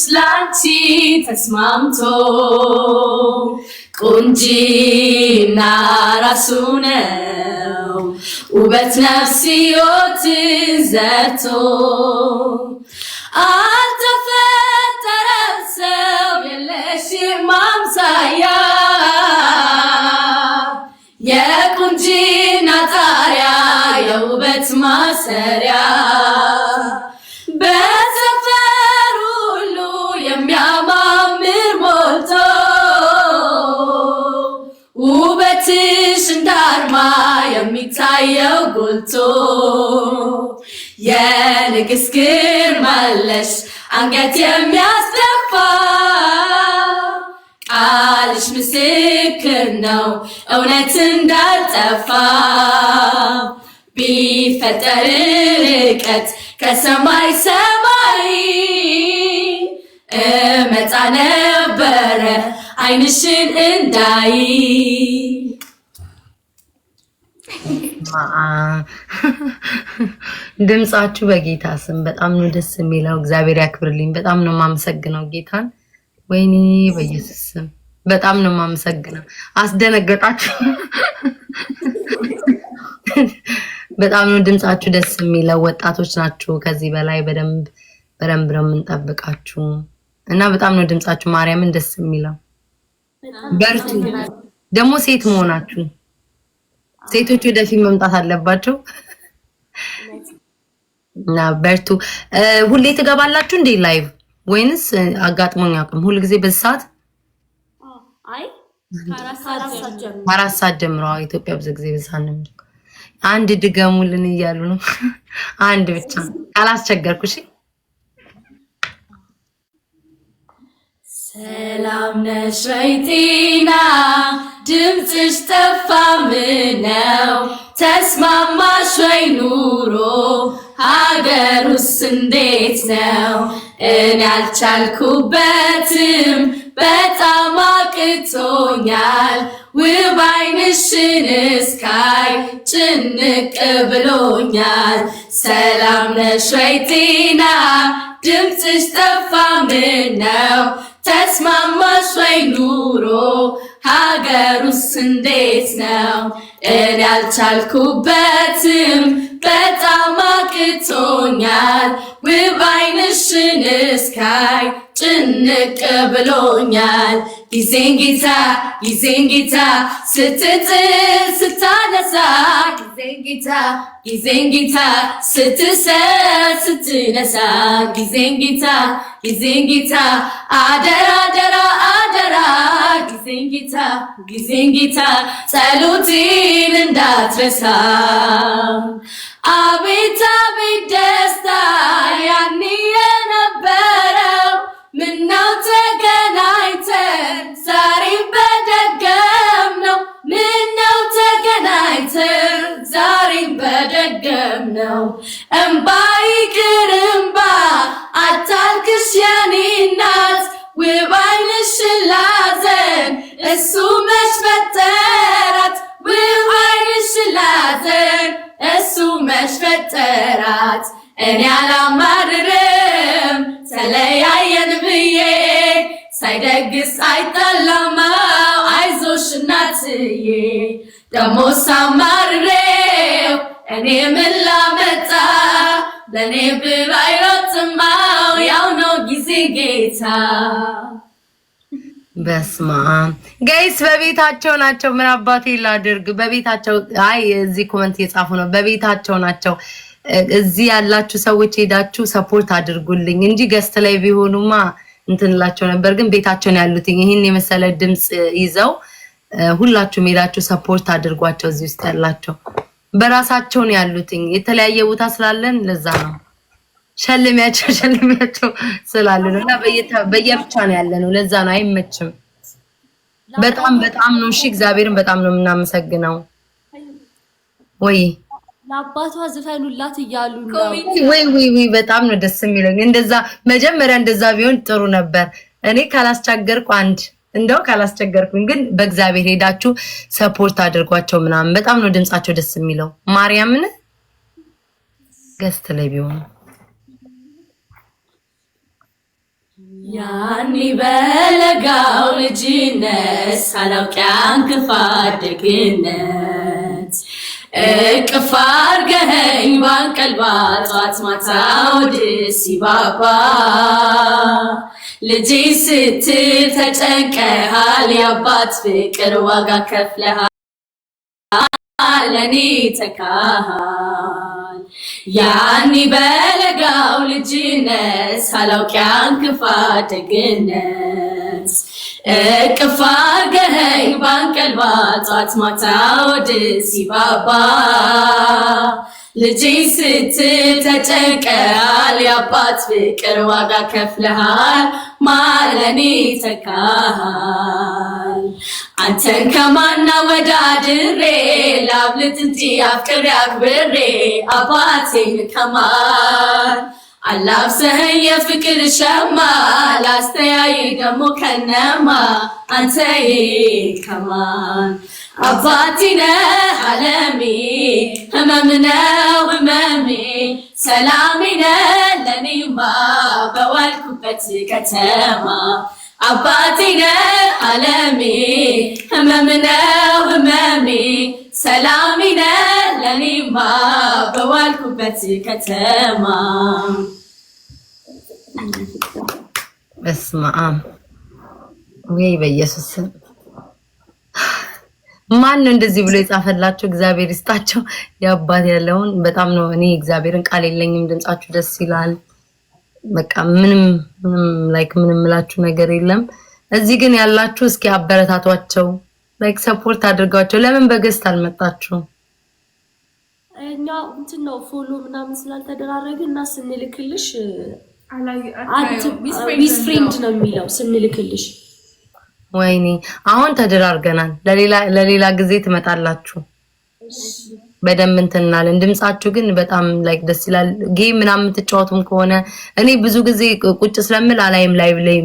ስላንቺ ተስማምቶ ቁንጂና ራሱ ነው ውበት ነፍስ ሕይወት ዘርቶ አልተፈጠረም ሰው የለሽ ማምሳያ ማሰሪያ በሰፈር ሁሉ የሚያማምር ሞልቶ ውበትሽ እንዳርማ የሚታየው ጎልቶ የንግስት ግርማ አንገት የሚያስደፋ ቃልሽ ምስክር ነው እውነት እንዳልጠፋ ቢፈጠር ርቀት ከሰማይ ሰማይ እመጣ ነበረ አይንሽን እንዳይ ድምጻችሁ በጌታ ስም በጣም ነው ደስ የሚለው። እግዚአብሔር ያክብርልኝ። በጣም ነው የማመሰግነው ጌታን። ወይኔ በኢየሱስ ስም በጣም ነው የማመሰግነው። አስደነገጣችሁ በጣም ነው ድምጻችሁ ደስ የሚለው። ወጣቶች ናችሁ። ከዚህ በላይ በደንብ በደንብ ነው የምንጠብቃችሁ እና በጣም ነው ድምጻችሁ ማርያምን ደስ የሚለው። በርቱ። ደግሞ ሴት መሆናችሁ ሴቶች ወደፊት መምጣት አለባቸው እና በርቱ። ሁሌ ትገባላችሁ እንዴ ላይቭ ወይንስ አጋጥሞኝ አቅም ጊዜ በዚህ ሰዓት አራት ሰዓት ጀምሮ ኢትዮጵያ ብዙ ጊዜ በዚህ ነው አንድ ድገሙልን እያሉ ነው። አንድ ብቻ ካላስቸገርኩሽ። ሰላም ነሽ ወይ ቲና? ድምፅሽ ጠፋ ምነው? ተስማማሽ ወይ ኑሮ? ሀገሩስ እንዴት ነው? እኔ አልቻልኩበትም በጣም አቅቶኛል ውብ ዓይንሽን እስካይ ጭንቅ ብሎኛል። ሰላም ነሽ ወይ ጤና ድምፅሽ ጠፋ ምን ነው ተስማማሽ ወይ ኑሮ ሀገሩስ እንዴት ነው? እኔ አልቻልኩበትም በጣም አቅቶኛል ውብ ዓይንሽን እስካይ ጭንቅ ብሎኛል ጊዜን ጌታ ጊዜን ጌታ ስትጥል ስታነሳ ጊዜን ጌታ ጊዜን ጌታ ስትሰጥ ስትነሳ ጊዜን ጌታ ጊዜን ጌታ አደራ አደራ አደራ ጊዜን ጌታ ጊዜን ጌታ ጸሎቴን እንዳትረሳ አቤት አቤት ደስታ እሱ መች ፈጠራት ውሃንሽ ላዘን እሱ መች ፈጠራት እኔ አላማርርም ተለያየን ብዬ ሳይደግስ አይጠላማው አይዞሽ እናትዬ ደሞ ሳማርሬው እኔ ምን ላመጣ ለእኔ ብር አይሮጥማው ያው ነው ጊዜ ጌታ በስማ ገይስ በቤታቸው ናቸው። ምን አባቴ ላድርግ? በቤታቸው አይ፣ እዚህ ኮመንት የጻፉ ነው። በቤታቸው ናቸው። እዚህ ያላችሁ ሰዎች ሄዳችሁ ሰፖርት አድርጉልኝ እንጂ ገስት ላይ ቢሆኑማ እንትንላቸው ነበር። ግን ቤታቸው ነው ያሉት። ይህን የመሰለ ድምፅ ይዘው ሁላችሁም ሄዳችሁ ሰፖርት አድርጓቸው። እዚህ ውስጥ ያላቸው በራሳቸው ነው ያሉት። የተለያየ ቦታ ስላለን ለዛ ነው። ሸልሚያቸው ሸልሚያቸው ስላሉ ነው እና በየብቻ ነው ያለ ነው። ለዛ ነው አይመችም። በጣም በጣም ነው። እሺ እግዚአብሔርን በጣም ነው የምናመሰግነው። ወይ ለአባቷ ዝፈኑላት እያሉ ወይ ወይ ወይ በጣም ነው ደስ የሚለኝ። እንደዛ መጀመሪያ እንደዛ ቢሆን ጥሩ ነበር። እኔ ካላስቸገርኩ አንድ እንደው ካላስቸገርኩኝ ግን በእግዚአብሔር ሄዳችሁ ሰፖርት አድርጓቸው ምናምን በጣም ነው ድምጻቸው ደስ የሚለው። ማርያምን ገስት ላይ ቢሆኑ ያኒ በለጋው ልጅነት ሳላውቅ ያን ክፋት ደግነት እቅፍ አድርገኸኝ ባንቀልባ ጠዋት ማታ ወድስ ይባባ ልጅ ስትል ተጨንቀሃል የአባት ፍቅር ዋጋ ከፍለሃል። ለኔ ተካሃል ያኒ በለጋው ልጅነት ሳላውቅ ያን ክፋት ደግነት እቅፍ አድርገኸኝ ባንቀልባ ጠዋት ማታ ወድ ሲባባ ልጄ ስትል ተጨንቀሃል የአባት ፍቅር ዋጋ ከፍለሃል ማለኔ ተካሃል አንተን ከማና ወዳድሬ ላብልት እንጂ አፍቅሬ አክብሬ አባቴን ከማል اللابسه هي فكر شما لاستي عيد مكنما انت كمان عباتنا عالمي هممنا وهمامي سلامنا لني ما بوال كفتك تاما عباتنا عالمي سلامنا لني ما بوال በስመ አብ ወይ በኢየሱስ ማን ነው እንደዚህ ብሎ የጻፈላቸው? እግዚአብሔር ይስጣቸው። የአባት ያለውን በጣም ነው። እኔ እግዚአብሔርን ቃል የለኝም። ድምጻችሁ ደስ ይላል። በቃ ምንም ምንም ላይክ ምንም ምላችሁ ነገር የለም። እዚህ ግን ያላችሁ እስኪ አበረታቷቸው፣ ላይክ ሰፖርት አድርጓቸው። ለምን በገስት አልመጣችሁም? እኛ እንትን ነው ፎሎ ምናምን ስላልተደራረግ እና ስንልክልሽ ዊዝ ፍሬንድ ነው የሚለው ስንልክልሽ። ወይኔ አሁን ተደራርገናል። ለሌላ ጊዜ ትመጣላችሁ በደንብ እንትን እንላለን። ድምጻችሁ ግን በጣም ላይክ ደስ ይላል። ጌም ምናምን የምትጫወቱም ከሆነ እኔ ብዙ ጊዜ ቁጭ ስለምል አላይም ላይቭ ላይ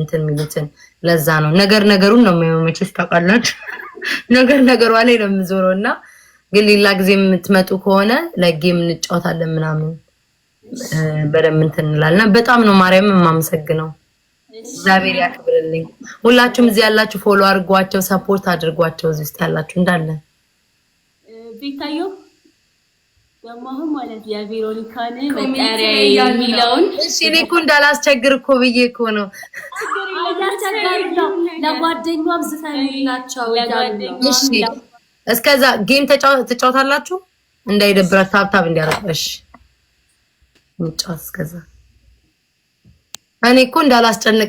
እንትን የሚሉትን ለዛ ነው ነገር ነገሩን ነው የሚመችሽ ታውቃላችሁ። ነገር ነገሯ ላይ ነው የምዞረው እና ግን ሌላ ጊዜ የምትመጡ ከሆነ ላይክ ጌም እንጫወታለን ምናምን በደንብ እንትን እንላልና በጣም ነው ማርያም የማመሰግነው። እግዚአብሔር ያክብርልኝ። ሁላችሁም እዚህ ያላችሁ ፎሎ አድርጓቸው፣ ሰፖርት አድርጓቸው። እዚህ ውስጥ ያላችሁ እንዳለ ቤታዮ ማለት እኮ እንዳላስቸግር እኮ ብዬ እኮ ነው። ለጓደኛም ዝፈንላቸው። እሺ፣ እስከዛ ጌም ተጫውታላችሁ እንዳይደብራችሁ፣ ታብታብ እንዲያረጋሽ የሚጫወት እስከዛ እኔ እኮ እንዳላስጨንቅ